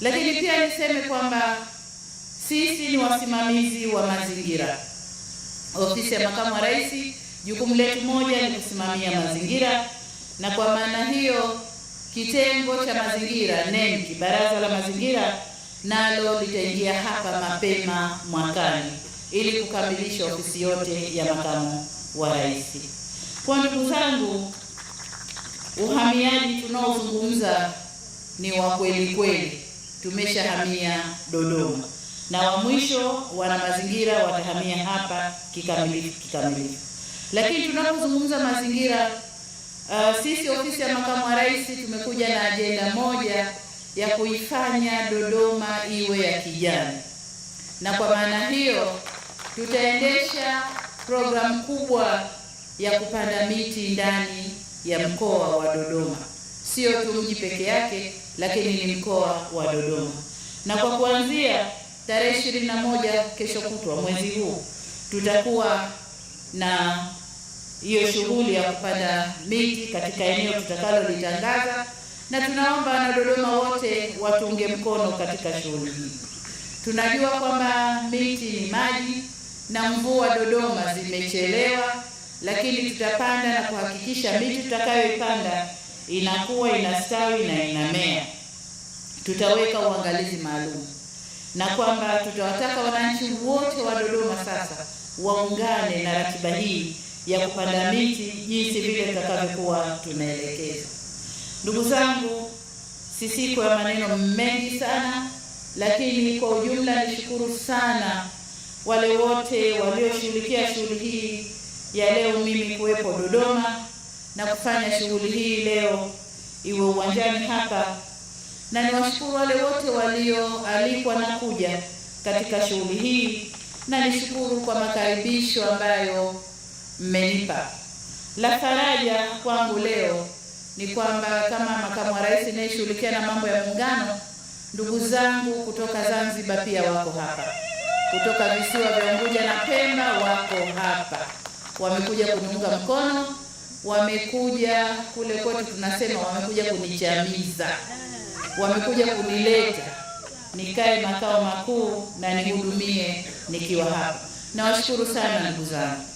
Lakini pia niseme kwamba sisi ni wasimamizi wa mazingira. Ofisi ya makamu wa rais, jukumu letu moja ni kusimamia mazingira, na kwa maana hiyo kitengo cha mazingira NEMC, baraza la mazingira, nalo litaingia hapa mapema mwakani ili kukamilisha ofisi yote ya makamu wa rais. Kwa ndugu zangu, uhamiaji tunaozungumza ni wa kweli kweli tumeshahamia Dodoma, na wa mwisho wana mazingira watahamia hapa kikamilifu kikamilifu. Lakini tunapozungumza mazingira, uh, sisi ofisi ya makamu wa rais tumekuja na ajenda moja ya kuifanya Dodoma iwe ya kijani, na kwa maana hiyo tutaendesha programu kubwa ya kupanda miti ndani ya mkoa wa Dodoma, sio tu mji peke yake lakini ni mkoa wa Dodoma, na kwa kuanzia tarehe ishirini na moja kesho kutwa mwezi huu tutakuwa na hiyo shughuli ya kupanda miti katika eneo tutakalolitangaza, na tunaomba dodoma wote watunge mkono katika shughuli hii. Tunajua kwamba miti ni maji na mvua Dodoma zimechelewa, lakini tutapanda na kuhakikisha miti tutakayoipanda inakuwa inastawi na inamea. Tutaweka uangalizi maalum na kwamba tutawataka wananchi wote wa Dodoma sasa waungane na ratiba hii ya kupanda miti jinsi vile tutakavyokuwa tunaelekeza. Ndugu zangu, sisiko ya maneno mengi sana, lakini kwa ujumla nishukuru sana wale wote walioshughulikia shughuli hii ya leo, mimi kuwepo Dodoma na kufanya shughuli hii leo iwe uwanjani hapa, na niwashukuru wale wote walioalikwa na kuja katika shughuli hii, na nishukuru kwa makaribisho ambayo mmenipa. La faraja kwangu leo ni kwamba kama makamu wa rais inayeshughulikia na mambo ya Muungano, ndugu zangu kutoka Zanzibar pia wako hapa, kutoka visiwa vya Unguja na Pemba wako hapa, wamekuja kuniunga mkono wamekuja kule kwetu, tunasema wamekuja kunichamiza, wamekuja kunileta nikae makao makuu na nihudumie nikiwa hapa. Nawashukuru sana ndugu zangu.